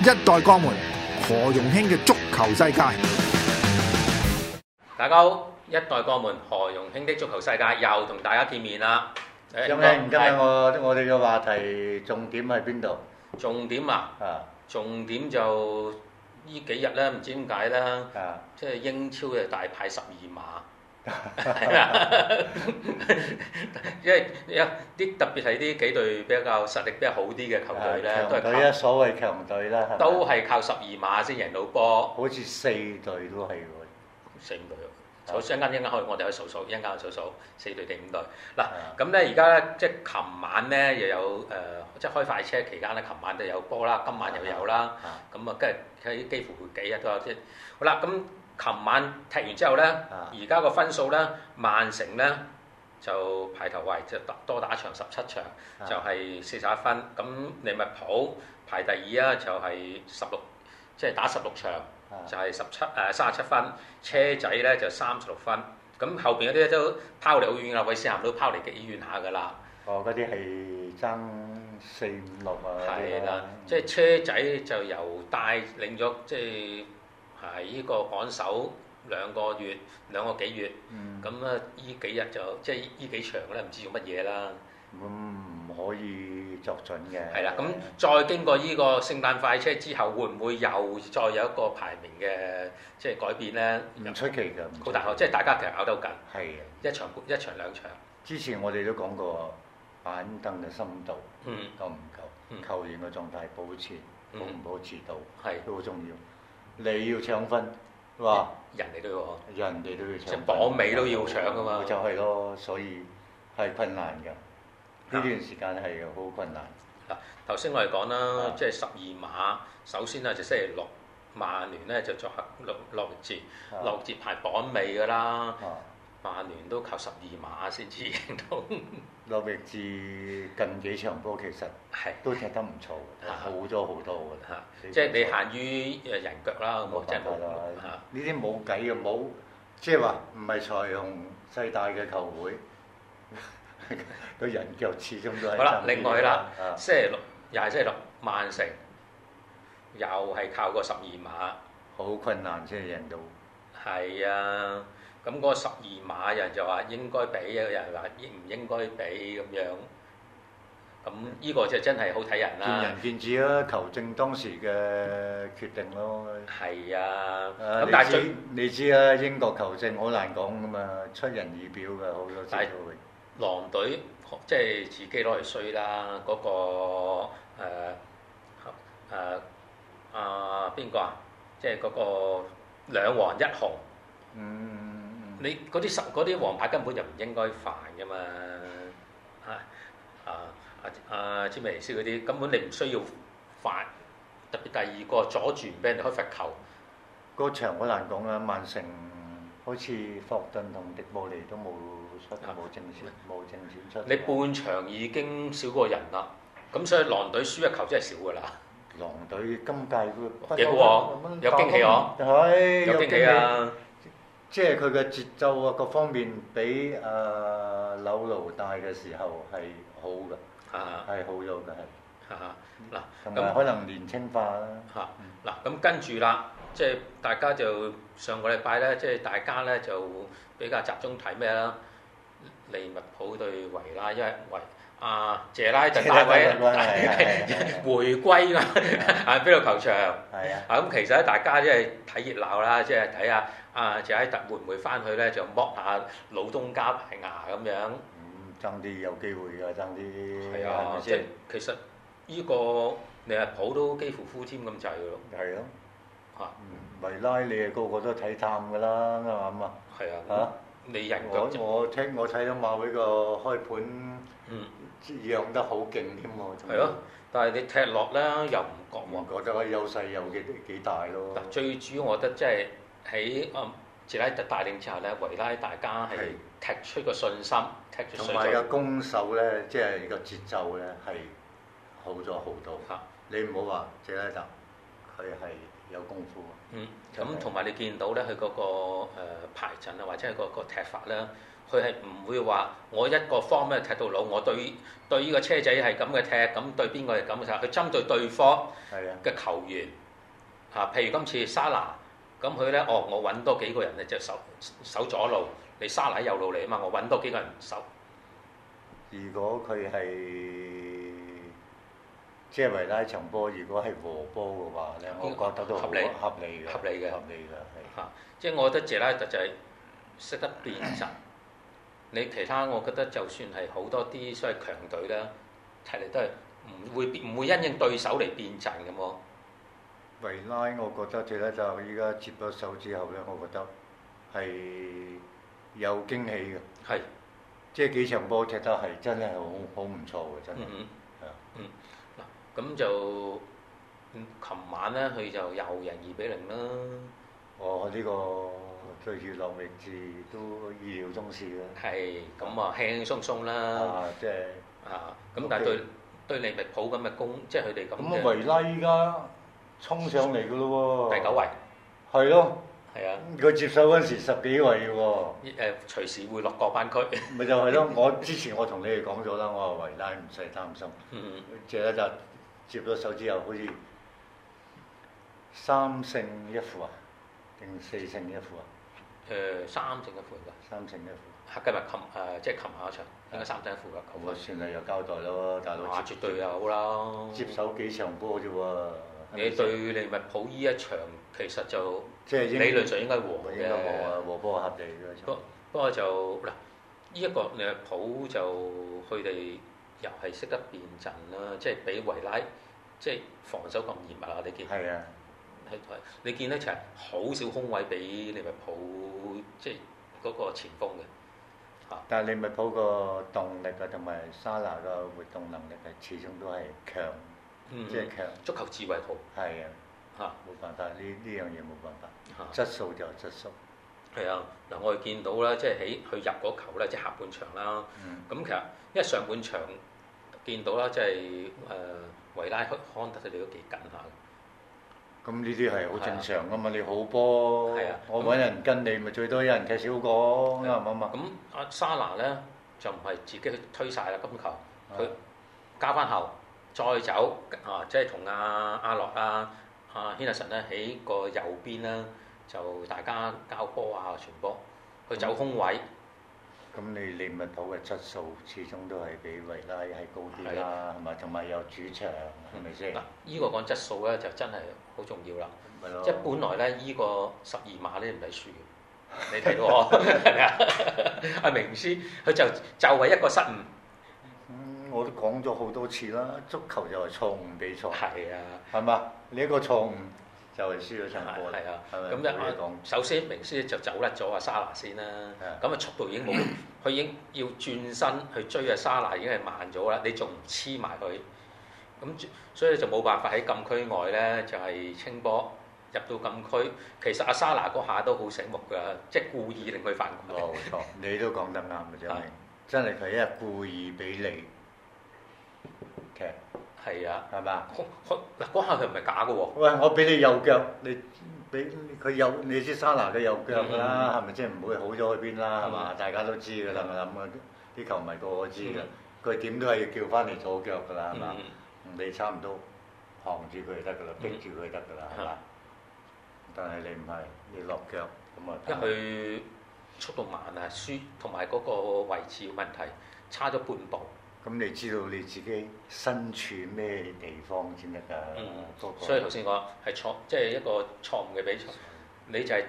一代鋼門何容興嘅足球世界，大家好，一代鋼門何容興的足球世界又同大家見面啦。咁咧、嗯，今日、嗯、我我哋嘅話題重點係邊度？重點啊！啊的，重點就幾呢幾日咧，唔知點解咧，即係英超嘅大派十二碼。因為有啲特別係啲幾隊比較實力比較好啲嘅球隊咧，都係佢隊。所謂強隊啦，都係靠十二碼先贏到波。好似四隊都係喎，四五隊。一陣間一陣間可以，我哋去數數，一陣間數數，四隊定五隊。嗱的，咁咧而家咧，即係琴晚咧又有誒，即係開快車期間咧，琴晚就有波啦，今晚又有啦。咁啊的，跟住佢幾乎每幾日都有先。好啦，咁。琴晚踢完之後咧，而家個分數咧，曼城咧就排頭位，就多打場十七場，就係四十一分。咁利物浦排第二啊，就係十六，即係打十六場，就係十七誒，三十七分。車仔咧就三十六分。咁後邊嗰啲都拋離好遠噶，韋斯咸都拋離幾遠下噶啦。哦，嗰啲係爭四五六啊啲啦，即係車仔就由帶領咗即係。係呢、啊這個趕手兩個月兩個幾月，咁咧依幾日就即係呢幾場咧，唔知做乜嘢啦。咁唔、嗯、可以作準嘅。係啦，咁再經過呢個聖誕快車之後，會唔會又再有一個排名嘅即係改變咧？唔出奇㗎。好大哦，即係大家其實咬得好緊。係啊！一場一場兩場。之前我哋都講過板凳嘅深度嗯夠唔夠，球員嘅狀態保持保唔保持到係都好重要。你要搶分，哇！人哋都要，人哋都要搶，即係榜尾都要搶噶嘛。就係咯，所以係困難嘅。呢、嗯、段時間係好困難。嗱、啊，頭先我哋講啦，啊、即係十二碼。首先呢，就星期六，曼聯咧就作客六六節，六節、啊、排榜尾㗎啦。啊曼聯都靠十二碼先至贏到。劉榮志近幾場波其實都踢得唔錯，好咗好多啊！即係你限於誒人腳啦，冇辦法。呢啲冇計嘅，冇即係話唔係財雄勢大嘅球會，對人腳始終都係。好啦，另外啦，星期六又係星期六，曼城又係靠個十二碼，好困難先係贏到。係啊。咁嗰十二碼，人就話應該俾，有人話應唔應該俾咁樣。咁呢個就真係好睇人啦、啊。見仁見智啦、啊，球證當時嘅決定咯。係啊。咁但係你知你知啦、啊，英國球證好難講噶嘛，出人意表㗎好多次。但係狼隊即係自己攞嚟衰啦，嗰、嗰個誒誒阿邊個啊？即係嗰個兩黃一紅。嗯。你嗰啲十嗰啲黃牌根本就唔應該犯噶嘛，嚇，啊阿、阿詹美尼斯嗰啲根本你唔需要犯，特別第二個，阻住俾人哋開罰球。個場好難講啊，曼城好似霍頓同迪布尼都冇出。冇正選，冇、嗯、正選出。嗯、你半場已經少過人啦，咁所以狼隊輸一球真係少㗎啦。狼隊今屆都幾好有驚喜喎。有驚喜啊！即係佢嘅節奏啊，各方面比啊紐盧大嘅時候係好嘅，係、啊、好咗嘅，係、嗯。嗱咁、啊、可能年輕化啦。嚇、啊！嗱咁跟住啦，即係大家就上個禮拜咧，即係大家咧就比較集中睇咩啦？利物浦對維拉，因為維。啊！謝拉特帶位， 回歸嘛、啊，喺飛度球場。係啊，啊咁其實咧，大家即係睇熱鬧啦，即係睇下啊謝拉特會唔會翻去咧，就剝下老東家排牙咁樣。咁爭啲有機會㗎，爭啲。係啊，即係吧其實呢、呢個你阿普都幾乎呼籲咁滯㗎咯。係咯、啊。嚇、啊！維、嗯、拉你啊個個都睇淡㗎啦，係嘛？係啊。嚇、啊！你人講我我聽我睇咗馬會個開盤。嗯。讓得好勁添喎，係咯。但係你踢落咧，又唔覺，覺得，覺得優勢有幾幾大咯。嗱，最主要我覺得即係喺阿謝拉特帶領之下咧，維拉大家係踢出個信心，的踢出。同埋個攻守咧，即係個節奏咧，係好咗好多。的你唔好話謝拉特，佢係有功夫。嗯。咁同埋你見到咧，佢嗰個排陣啊，或者係個踢法咧。佢係唔會話我一個方 o 踢到老，我對對依個車仔係咁嘅踢，咁對邊個係咁嘅踢？佢針對對方嘅球員嚇。的譬如今次沙拿，咁佢咧，哦，我揾多幾個人嚟，即係守守左路。你沙拿右路嚟啊嘛，我揾多幾個人守。如果佢係即係維拉場波，如果係和波嘅話咧，我覺得都合理，合理嘅，合理嘅，合理㗎。嚇！即係我覺得謝拉特就係識得變陣。 你其他我覺得就算係好多啲所謂強隊啦，踢嚟都係唔會變，唔會因應對手嚟變陣嘅嘛。維拉我覺得最咧就依家接咗手之後咧，我覺得係有驚喜嘅。係是，即係幾場波踢得係真係好好唔錯嘅，真係。嗯嗱、嗯，咁是、嗯、就琴晚咧，佢就又人二比零啦。哦，呢、這個。對住羅明治都意料中事啦。係，咁啊輕輕鬆鬆啦。啊，即係。啊，咁但對 Okay. 對，對利物浦咁嘅攻，即係佢哋咁。咁維拉依家衝上嚟嘅咯喎。第九位。係咯了。係啊。佢接手嗰陣時十幾位嘅喎。誒、嗯，隨時會落個班區。咪就係咯！我之前我同你哋講咗啦，我話維拉唔使擔心。嗯嗯。即係就接咗手之後，好似三勝一負啊，定四勝一負啊？誒三勝一負㗎，三勝一負。係，今日擒誒即係擒下場，應該三勝一負㗎。咁啊算係有交代咯，大佬。嚇！絕對又好啦。接手幾場波啫喎，你對利物浦呢一場其實就即係理論上應該和嘅。應該和啊，和波合理㗎。不過不過就嗱，呢一個利物浦就佢哋又係識得變陣啦，即係比維拉即係防守咁嚴密啦，我哋見。係啊。你見其實好少空位俾利物浦，即係嗰個前鋒嘅嚇。嗯、但係利物浦個動力啊，同埋沙拿個活動能力嘅始終都係強，即、就、係、是、強、嗯。足球智慧好，係啊嚇，冇辦法，呢呢樣嘢冇辦法嚇。質素就質素，係啊。嗱，我哋見到啦，即係喺去入嗰球咧，即係下半場啦。咁、嗯、其實因為上半場見到啦，即係誒、呃、維拉康康特佢哋都幾緊下。咁呢啲係好正常噶嘛？的你好波，的我揾人跟你，咪的最多有人踢少個啱唔啱啊？咁阿沙拿咧就唔係自己去推晒啦，金球佢的交翻後再走啊，即係同阿阿洛阿阿 Henderson 咧喺個右邊啦，就大家交波啊傳波，佢走空位。嗯。咁你利物浦嘅質素始終都係比維拉係高啲啦，係咪的？同埋有主場，係咪先？嗱、嗯，依、依個講質素咧就真係好重要啦。的即係本來咧依個十二碼咧唔使輸嘅，你睇到我啊？阿 明師佢就就係一個失誤。嗯，我都講咗好多次啦，足球就係錯誤比賽。係啊的，係嘛？一、呢個錯誤。就係輸咗上波啊，係咪？咁一、首先明斯就走甩咗阿莎拿先啦的，咁啊速度已經冇，佢 已經要轉身去追阿莎拿已經係慢咗啦，你仲黐埋佢，咁所以就冇辦法喺禁區外咧就係、是、清波入到禁區，其實阿莎拿嗰下都好醒目噶，即、就、係、是、故意令佢犯規。冇、 哦、錯，你都講得啱嘅啫，的真係佢一係故意俾你嘅。Okay. 係啊，係嘛？嗱，嗰下佢唔係假嘅喎。喂，我俾你右腳，你俾佢右，你知沙拿嘅右腳㗎啦，係咪先？即係唔會好咗去邊啦，係嘛？大家都知㗎啦，咁啊，啲球迷係個個知㗎。佢點都係要叫翻嚟左腳㗎啦，係嘛？你差唔多行住佢就得㗎啦，逼住佢就得㗎啦，係嘛？但係你唔係，你落腳咁啊。佢速度慢啊，輸同埋嗰個維持問題差咗半步。咁你知道你自己身處咩地方先得㗎？所以頭先講係錯，即係一個錯誤嘅比賽。你就係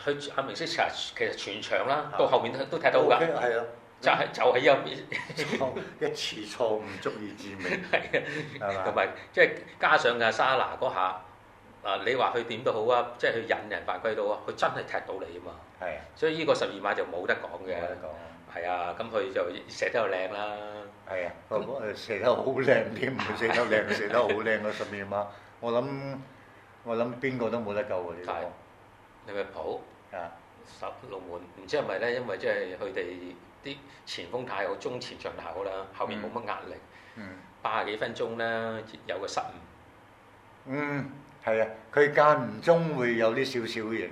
佢阿明斯特其實全場啦，到後面都踢到㗎。係啊，okay，就係就喺一邊錯錯一次錯誤 足以致命。係同埋即係加上阿莎拿嗰下，啊你話佢點都好啊，即係佢引人犯規到啊，佢真係踢到你啊嘛。係的。所以呢個十二碼就冇得講嘅。冇得講。係啊，咁佢就射得又靚啦。係啊，射得好靚添，射得靚，射 得好靚嗰十米嘛。我諗我諗邊個都冇得救喎呢個，但你咪說抱，啊十六門，唔知係咪咧？因為即係佢哋啲前鋒太好，中前進太好啦，後面冇乜壓力，八十幾分鐘咧有個失誤。嗯，係啊，佢間唔中會有啲少少嘢，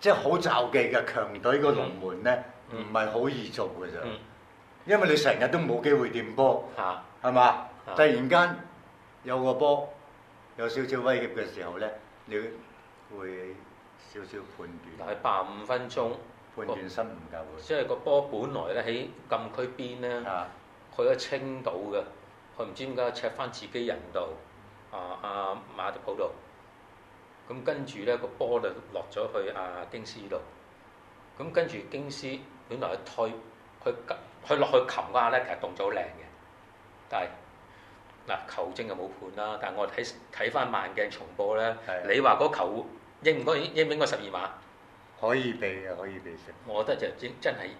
即係好驟忌嘅強隊個龍門咧，唔係好易做嘅啫。嗯嗯嗯因為你成日都冇機會掂波，係嘛？突然間有個波有少少威脅嘅時候咧，你會少少判斷。但係八十五分鐘判斷身唔夠。即係個波本來咧喺禁區邊咧，去咗、啊、清道嘅，佢唔知點解赤翻自己人度，啊啊馬迪普度。咁跟住咧、那個波就落咗去啊京斯度，咁跟住京斯本來去推。佢佢落去擒嗰下咧，其實動作好靚嘅。但係嗱，球證就冇判啦。但係我睇睇翻慢鏡重播咧，係你話嗰球應唔應該應唔應該十二碼可？可以避啊，可以避算。我覺得就應真係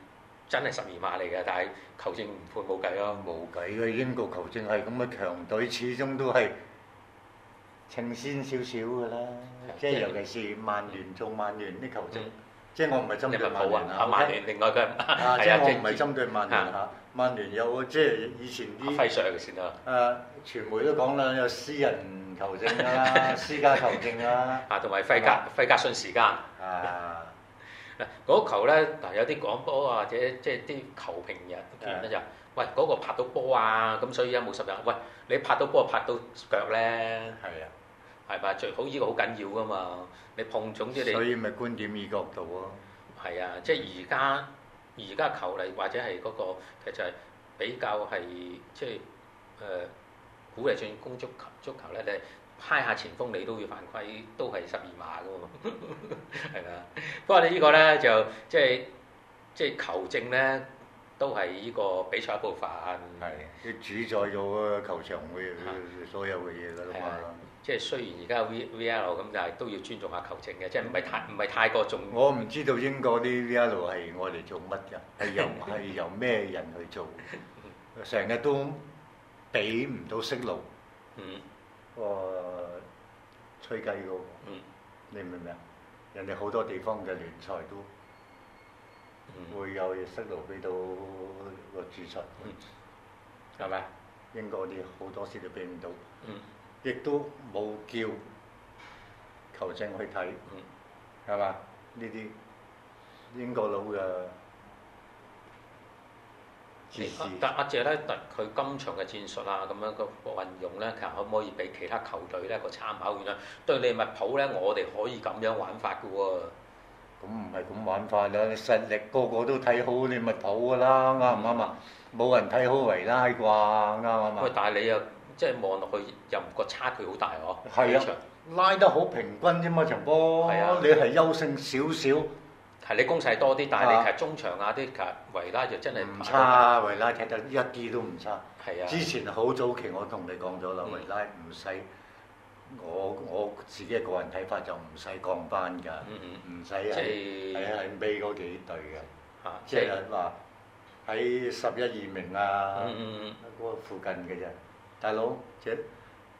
真係十二碼嚟嘅，但係球證唔判冇計咯，冇計嘅。英國球證係咁嘅強隊，始終都係情先少少㗎啦，即係尤其是曼聯、嗯嗯、做曼聯啲球證。嗯即係我唔係針對曼聯啊！啊曼聯另外佢係，即係我唔係針對曼聯嚇。曼聯有即係以前啲，上嘅誒，傳媒都講啦，有私人球證啦，私家球證啦。啊，同埋費格費格遜時間啊！嗱，嗰球咧，嗱有啲廣播或者即係啲球評人見得就，喂，嗰個拍到波啊！咁所以有冇十人，喂，你拍到波拍到腳咧，係啊？係吧，最好依個好緊要噶嘛。你碰重啲，你所以咪觀點與角度咯、啊。係啊，即係而家而家球例或者係嗰、那個其實係比較係即係誒，鼓勵進攻足球足球咧，你揩下前鋒你都要犯規，都係十二碼噶喎。啊， 不過你呢個咧就即係即係球證咧，都係呢個比賽一部分嚟。要是是主宰咗個球場嘅所有嘅嘢㗎嘛。的是即係雖然而家 V V L 咁，就係都要尊重下球證嘅，即係唔係太唔係太過重要。我唔知道英國啲 V L 係我哋做乜㗎？係由係 由咩人去做？成日都俾唔到息路，誒、嗯呃、吹雞個喎。嗯、你明唔明啊？人哋好多地方嘅聯賽都會有息路俾到個註冊，係咪、嗯？英國啲好多時都俾唔到。嗯亦都冇叫球證去睇，嗯，係嘛？呢啲英國佬嘅，支持、欸。但阿謝拉特，佢今場嘅戰術啊，咁樣個運用咧，其實可唔可以俾其他球隊咧個參考嘅？對利物浦咧，我哋可以咁樣玩法嘅喎、啊。咁唔係咁玩法啦，實力個個都睇好你利物浦㗎啦，啱唔啱啊？冇人睇好維拉啩，啱唔啱啊？喂、嗯，吧但你又～即係望落去又唔覺差距好大哦，幾場拉得好平均啫嘛場波，啊，你係優勝少少。係你攻勢多啲，但係你係中場啊啲，其實維拉就真係唔差。維拉踢得一啲都唔差。係啊。之前好早期我同你講咗啦，維拉唔使，我我自己嘅個人睇法就唔使降班㗎，唔使係係係尾嗰幾隊啊。即係話喺十一二名啊嗰個附近嘅啫。大佬，謝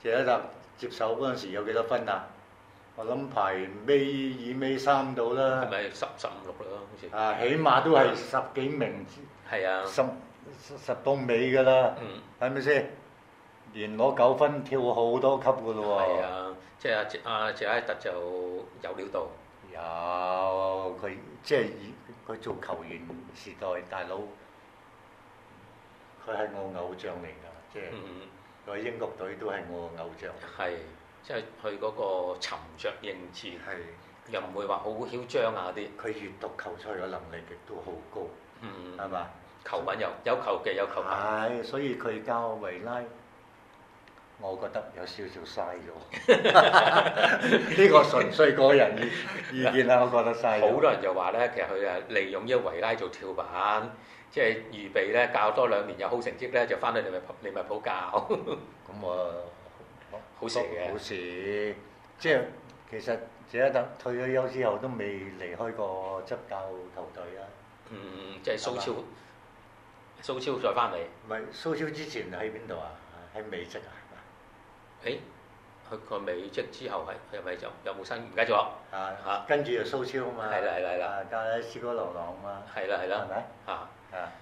謝拉特接手嗰陣時有幾多分啊？我諗排尾二尾三到啦。係咪十十五六咯？好似。啊，起碼都係十幾名，係啊，十十到尾㗎啦，係咪先？連攞九分，跳好多級㗎咯喎。係啊，即係阿謝阿謝拉特就有料到。有，佢即係以佢做球員時代，大佬佢係我偶像嚟㗎，即係、嗯。嗯個英國隊都係我偶像。係，即係佢嗰個沉著應戰，是又唔會話好囂張啊啲。佢閲讀球賽嘅能力亦都好高，係嘛、嗯？球吧品又有球技有球品。係，所以佢教維拉，我覺得有少少嘥咗。呢 個純粹個人意意見啦，我覺得嘥。好 多人就話咧，其實佢係利用呢個維拉做跳板。即係預備咧，教多兩年有好成績咧，就翻去你咪你咪補教。咁啊，好事嘅。即係其實自己等退咗休之後都未離開過執教球隊啊。嗯，即係蘇超，蘇超再翻嚟。唔係蘇超之前喺邊度啊？喺美職啊？誒，去個美職之後係係咪有有冇新業繼續啊？啊嚇！跟住就蘇超啊嘛。係啦係啦。啊教啲師哥流浪啊嘛。係啦係啦，係咪啊？啊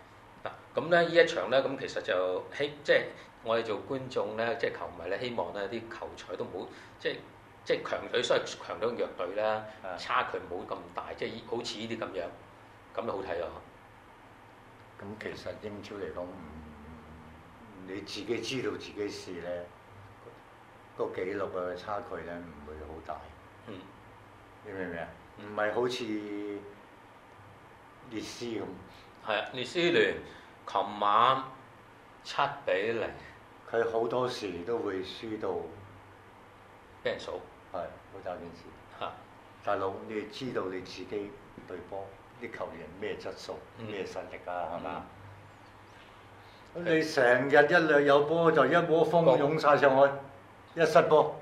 嗱，咁咧呢一場咧，咁其實就希即係我哋做觀眾咧，即係球迷咧，希望咧啲球賽都唔好，即係即係強隊所謂強隊弱隊啦，啊、差距唔好咁大，即係好似呢啲咁樣，咁都好睇啊。咁、嗯、其實英超嚟講，你自己知道自己事咧，個記錄嘅差距咧唔會大、嗯、好大、嗯。嗯，你明唔明啊？唔係好似列斯咁。係啊，列斯聯琴晚七比零，佢好多時都會輸到俾人數。係好大件事嚇！的大佬，你知道你自己隊波啲球員咩質素、咩實力啊？係嘛、嗯？你成日一掠有波就一窩蜂湧晒上去，一失波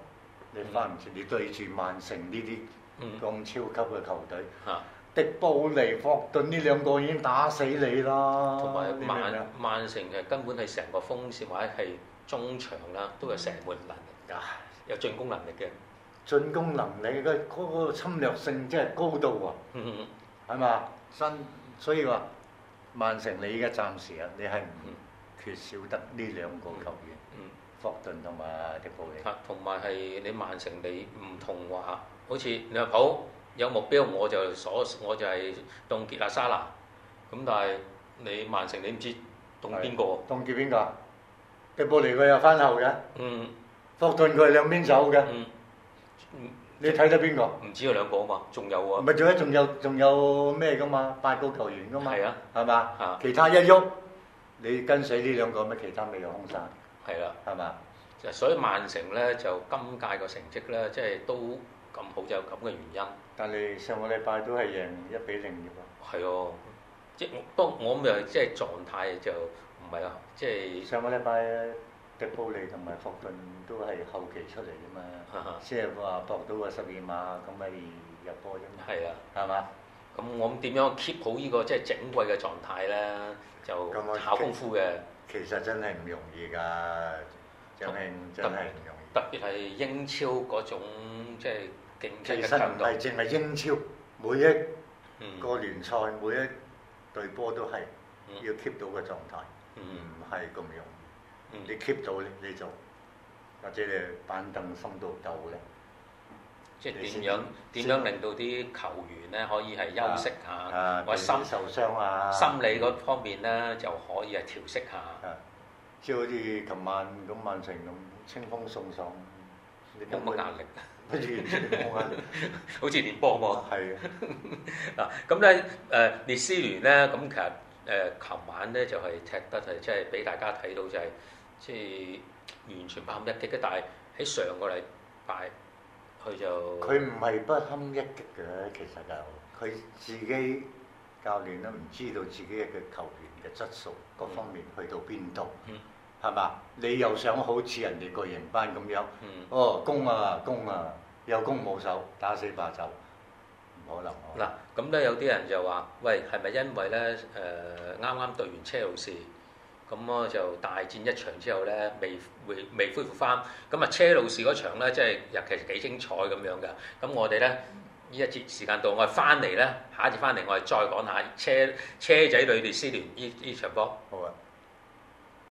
你翻唔切？你對住曼城呢啲咁超級嘅球隊嚇。的迪布尼、霍頓呢兩個已經打死你啦，同埋曼曼城嘅根本係成個鋒線，或者係中場啦，都係成門能力啊，唉有進攻能力嘅。進攻能力嘅，嗰侵略性真係高度啊、嗯！嗯係嘛？新所以話曼城你而家暫時啊，你係唔缺少得呢兩個球員，嗯嗯嗯、霍頓同埋迪布尼。同埋係你曼城你唔同話，好似你話有目標我就所我就係凍結阿沙拿，咁但係你曼城你唔知凍邊個？凍結邊個？迪布尼佢又返後嘅，霍、嗯、頓佢係兩邊走嘅。嗯、你睇到邊個？唔、嗯、止佢兩個啊嘛，仲有啊。唔咪仲有仲有仲有咩㗎嘛？八個球員㗎嘛，係嘛？其他一喐，你跟死呢兩個，咩其他未有空曬？係啦，係嘛、啊？就所以曼城咧就今屆個成績咧，即係都。咁好就有咁嘅原因。但係上個禮拜都係贏一比零㗎。係哦、啊，即係不過我咁又即係狀態就唔係啦。即、就、係、是、上個禮拜迪布尼同埋霍頓都係後期出嚟㗎嘛。哈哈、嗯。即係話博到個十二碼咁咪入波咁。係啊。係嘛吧？咁我點樣 keep 好呢個即係整季嘅狀態咧？就咁考功夫嘅。其實真係唔容易㗎，張生真係唔容易。特別係英超嗰種即係。勁勁其實唔係淨係英超，每一個聯賽每一隊波都係要 keep 到嘅狀態，唔係咁容易。你 keep 到咧，你就或者你板凳深度夠咧。即係點樣點樣令到啲球員咧可以係休息下，或者心受傷啊，心理嗰方面咧就可以係調適下。即係好似琴晚咁曼城咁，清風送爽，冇乜壓力。跟住完全冇壓力，好似連波咁啊！係啊，嗱咁咧誒列斯聯咧，咁其實誒琴晚咧就係踢得係即係俾大家睇到就係、是、即係完全不堪一擊嘅，但係喺上個禮拜佢就佢唔係不堪一擊嘅，其實就佢自己教練都唔知道自己嘅球員嘅質素各方面去到邊度。嗯。係嘛？你又想好似人哋巨型班咁樣？哦、嗯，攻啊攻啊，又攻冇守，打死霸走。唔、嗯、可能。嗱，咁咧有啲人就話，喂，係咪因為咧？誒、呃，啱啱對完車路士，咁我就大戰一場之後咧，未回未，未恢復翻。咁啊，車路士嗰場咧，即係尤其是幾精彩咁樣㗎。咁我哋咧呢一節時間到，我哋翻嚟咧，下一節翻嚟我哋再講下車車仔隊列斯聯呢依場波。好啊。